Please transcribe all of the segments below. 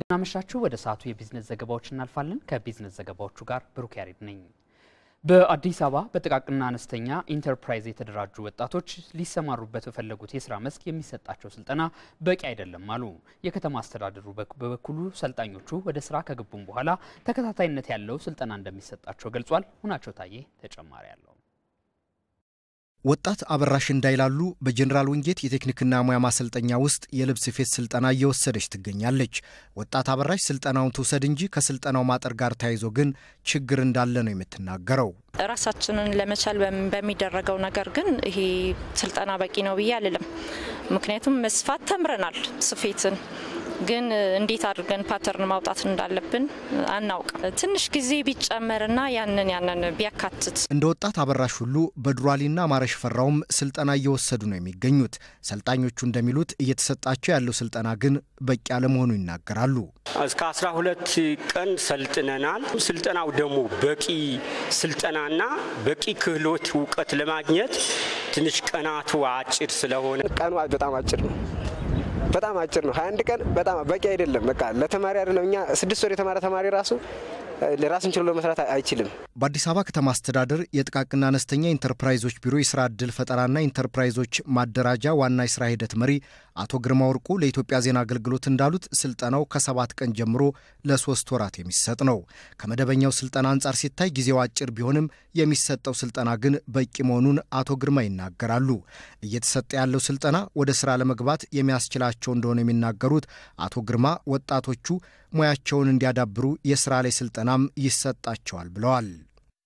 እንደምናመሻችሁ ወደ ሰዓቱ የቢዝነስ ዘገባዎች እናልፋለን። ከቢዝነስ ዘገባዎቹ ጋር ብሩክ ያሬድ ነኝ። በአዲስ አበባ በጥቃቅና አነስተኛ ኢንተርፕራይዝ የተደራጁ ወጣቶች ሊሰማሩበት በፈለጉት የስራ መስክ የሚሰጣቸው ስልጠና በቂ አይደለም አሉ። የከተማ አስተዳደሩ በበኩሉ ሰልጣኞቹ ወደ ስራ ከገቡም በኋላ ተከታታይነት ያለው ስልጠና እንደሚሰጣቸው ገልጿል። ሁናቸው ታዬ ተጨማሪ አለው። ወጣት አበራሽ እንዳይላሉ በጀኔራል ወንጌት የቴክኒክና ሙያ ማሰልጠኛ ውስጥ የልብስ ስፌት ስልጠና እየወሰደች ትገኛለች። ወጣት አበራሽ ስልጠናውን ትውሰድ እንጂ ከስልጠናው ማጠር ጋር ተያይዞ ግን ችግር እንዳለ ነው የምትናገረው። ራሳችንን ለመቻል በሚደረገው ነገር ግን ይሄ ስልጠና በቂ ነው ብዬ አልልም። ምክንያቱም መስፋት ተምረናል ስፌትን ግን እንዴት አድርገን ፓተርን ማውጣት እንዳለብን አናውቅም። ትንሽ ጊዜ ቢጨመርና ያንን ያንን ቢያካትት እንደ ወጣት አበራሽ ሁሉ በዱራሊና ማረሽ ፈራውም ስልጠና እየወሰዱ ነው የሚገኙት። ሰልጣኞቹ እንደሚሉት እየተሰጣቸው ያለው ስልጠና ግን በቂ አለመሆኑ ይናገራሉ። እስከ አስራ ሁለት ቀን ሰልጥነናል። ስልጠናው ደግሞ በቂ ስልጠናና በቂ ክህሎት እውቀት ለማግኘት ትንሽ ቀናቱ አጭር ስለሆነ ቀኑ በጣም አጭር ነው። በጣም አጭር ነው። 21 ቀን በጣም በቂ አይደለም። በቃ ለተማሪ አይደለም። እኛ ስድስት ወር የተማረ ተማሪ ራሱ ራሱን ችሎ ለመስራት አይችልም። በአዲስ አበባ ከተማ አስተዳደር የጥቃቅንና አነስተኛ ኢንተርፕራይዞች ቢሮ የስራ ዕድል ፈጠራና ኢንተርፕራይዞች ማደራጃ ዋና የስራ ሂደት መሪ አቶ ግርማ ወርቁ ለኢትዮጵያ ዜና አገልግሎት እንዳሉት ስልጠናው ከሰባት ቀን ጀምሮ ለሶስት ወራት የሚሰጥ ነው። ከመደበኛው ስልጠና አንጻር ሲታይ ጊዜው አጭር ቢሆንም የሚሰጠው ስልጠና ግን በቂ መሆኑን አቶ ግርማ ይናገራሉ። እየተሰጠ ያለው ስልጠና ወደ ስራ ለመግባት የሚያስችላቸው እንደሆነ የሚናገሩት አቶ ግርማ ወጣቶቹ ሙያቸውን እንዲያዳብሩ የስራ ላይ ስልጠናም ይሰጣቸዋል ብለዋል።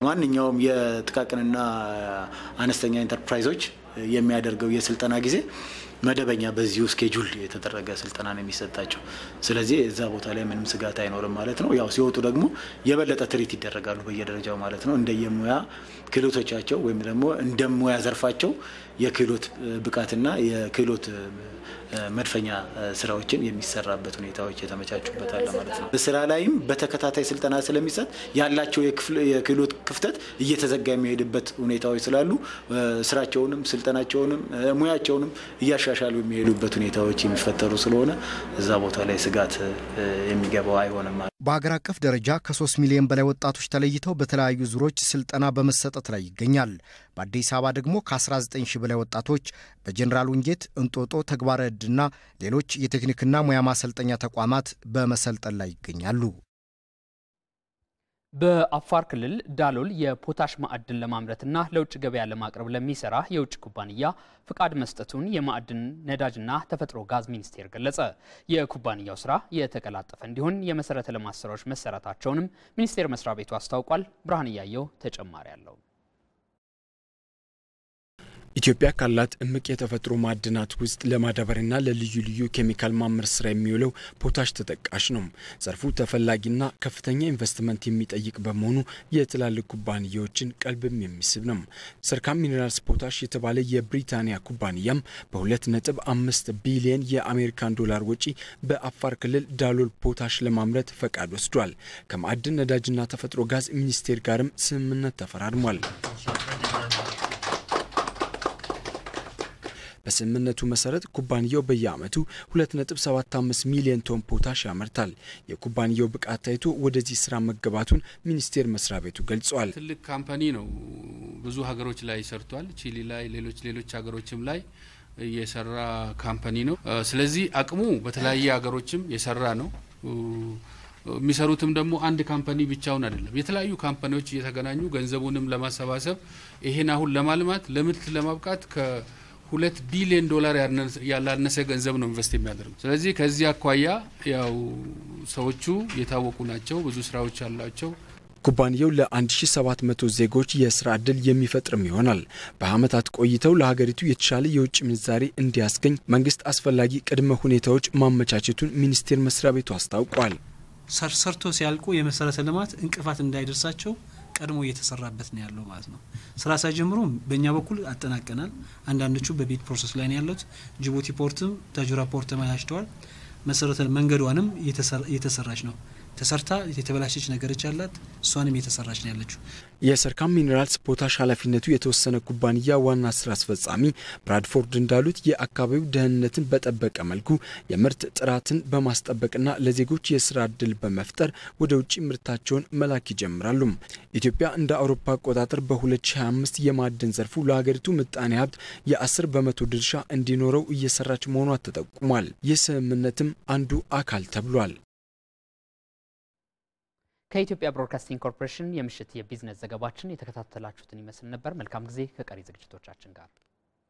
ማንኛውም የጥቃቅንና አነስተኛ ኢንተርፕራይዞች የሚያደርገው የስልጠና ጊዜ መደበኛ በዚሁ ስኬጁል የተደረገ ስልጠና ነው የሚሰጣቸው። ስለዚህ እዛ ቦታ ላይ ምንም ስጋት አይኖርም ማለት ነው። ያው ሲወጡ ደግሞ የበለጠ ትሪት ይደረጋሉ በየደረጃው ማለት ነው። እንደየሙያ ክህሎቶቻቸው ወይም ደግሞ እንደሙያ ዘርፋቸው የክህሎት ብቃትና የክህሎት መድፈኛ ስራዎችን የሚሰራበት ሁኔታዎች የተመቻቹበታል ማለት ነው። ስራ ላይም በተከታታይ ስልጠና ስለሚሰጥ ያላቸው የክህሎት ክፍተት እየተዘጋ የሚሄድበት ሁኔታዎች ስላሉ ስራቸውንም ስልጠናቸውንም ሙያቸውንም እያሻሻሉ የሚሄዱበት ሁኔታዎች የሚፈጠሩ ስለሆነ እዛ ቦታ ላይ ስጋት የሚገባው አይሆንም። በሀገር አቀፍ ደረጃ ከሶስት ሚሊዮን በላይ ወጣቶች ተለይተው በተለያዩ ዙሮች ስልጠና በመሰጠት ላይ ይገኛል። በአዲስ አበባ ደግሞ ከ19 ሺህ በላይ ወጣቶች በጀኔራል ውንጌት፣ እንጦጦ፣ ተግባረ ዕድና ሌሎች የቴክኒክና ሙያ ማሰልጠኛ ተቋማት በመሰልጠን ላይ ይገኛሉ። በአፋር ክልል ዳሎል የፖታሽ ማዕድን ለማምረትና ለውጭ ገበያ ለማቅረብ ለሚሰራ የውጭ ኩባንያ ፍቃድ መስጠቱን የማዕድን ነዳጅና ተፈጥሮ ጋዝ ሚኒስቴር ገለጸ። የኩባንያው ስራ የተቀላጠፈ እንዲሆን የመሰረተ ልማት ስራዎች መሰራታቸውንም ሚኒስቴር መስሪያ ቤቱ አስታውቋል። ብርሃን እያየው ተጨማሪ አለው። ኢትዮጵያ ካላት እምቅ የተፈጥሮ ማዕድናት ውስጥ ለማዳበሪያና ለልዩ ልዩ ኬሚካል ማምር ስራ የሚውለው ፖታሽ ተጠቃሽ ነው። ዘርፉ ተፈላጊና ከፍተኛ ኢንቨስትመንት የሚጠይቅ በመሆኑ የትላልቅ ኩባንያዎችን ቀልብም የሚስብ ነው። ሰርካም ሚኔራልስ ፖታሽ የተባለ የብሪታንያ ኩባንያም በሁለት ነጥብ አምስት ቢሊየን የአሜሪካን ዶላር ወጪ በአፋር ክልል ዳሎል ፖታሽ ለማምረት ፈቃድ ወስዷል። ከማዕድን ነዳጅና ተፈጥሮ ጋዝ ሚኒስቴር ጋርም ስምምነት ተፈራርሟል። በስምምነቱ መሰረት ኩባንያው በየአመቱ 2.75 ሚሊዮን ቶን ፖታሽ ያመርታል። የኩባንያው ብቃት ታይቶ ወደዚህ ስራ መገባቱን ሚኒስቴር መስሪያ ቤቱ ገልጿል። ትልቅ ካምፓኒ ነው። ብዙ ሀገሮች ላይ ሰርቷል። ቺሊ ላይ፣ ሌሎች ሌሎች ሀገሮችም ላይ የሰራ ካምፓኒ ነው። ስለዚህ አቅሙ በተለያየ ሀገሮችም የሰራ ነው። የሚሰሩትም ደግሞ አንድ ካምፓኒ ብቻውን አይደለም። የተለያዩ ካምፓኒዎች እየተገናኙ ገንዘቡንም ለማሰባሰብ ይሄን አሁን ለማልማት ለምርት ለማብቃት ሁለት ቢሊዮን ዶላር ያላነሰ ገንዘብ ነው ኢንቨስት የሚያደርጉት። ስለዚህ ከዚህ አኳያ ያው ሰዎቹ የታወቁ ናቸው፣ ብዙ ስራዎች አሏቸው። ኩባንያው ለ1700 ዜጎች የስራ ዕድል የሚፈጥርም ይሆናል። በአመታት ቆይተው ለሀገሪቱ የተሻለ የውጭ ምንዛሬ እንዲያስገኝ መንግስት አስፈላጊ ቅድመ ሁኔታዎች ማመቻቸቱን ሚኒስቴር መስሪያ ቤቱ አስታውቋል። ሰርሰርቶ ሲያልቁ የመሰረተ ልማት እንቅፋት እንዳይደርሳቸው ቀድሞ እየተሰራበት ነው ያለው ማለት ነው። ስራ ሳይጀምሩ በእኛ በኩል አጠናቀናል። አንዳንዶቹ በቤት ፕሮሰስ ላይ ነው ያሉት። ጅቡቲ ፖርትም ታጁራ ፖርት ተመላሽተዋል። መሰረተ መንገዷንም እየተሰራች ነው። ተሰርታ የተበላሸች ነገሮች አላት። እሷንም እየተሰራች ነው ያለችው። የሰርካም ሚኔራልስ ፖታሽ ኃላፊነቱ የተወሰነ ኩባንያ ዋና ስራ አስፈጻሚ ብራድፎርድ እንዳሉት የአካባቢው ደህንነትን በጠበቀ መልኩ የምርት ጥራትን በማስጠበቅና ለዜጎች የስራ እድል በመፍጠር ወደ ውጭ ምርታቸውን መላክ ይጀምራሉ። ኢትዮጵያ እንደ አውሮፓ አቆጣጠር በ2025 የማዕድን ዘርፉ ለሀገሪቱ ምጣኔ ሀብት የ10 በመቶ ድርሻ እንዲኖረው እየሰራች መሆኗ ተጠቁሟል። ይህ ስምምነትም አንዱ አካል ተብሏል። ከኢትዮጵያ ብሮድካስቲንግ ኮርፖሬሽን የምሽት የቢዝነስ ዘገባችን የተከታተላችሁትን ይመስል ነበር። መልካም ጊዜ ከቀሪ ዝግጅቶቻችን ጋር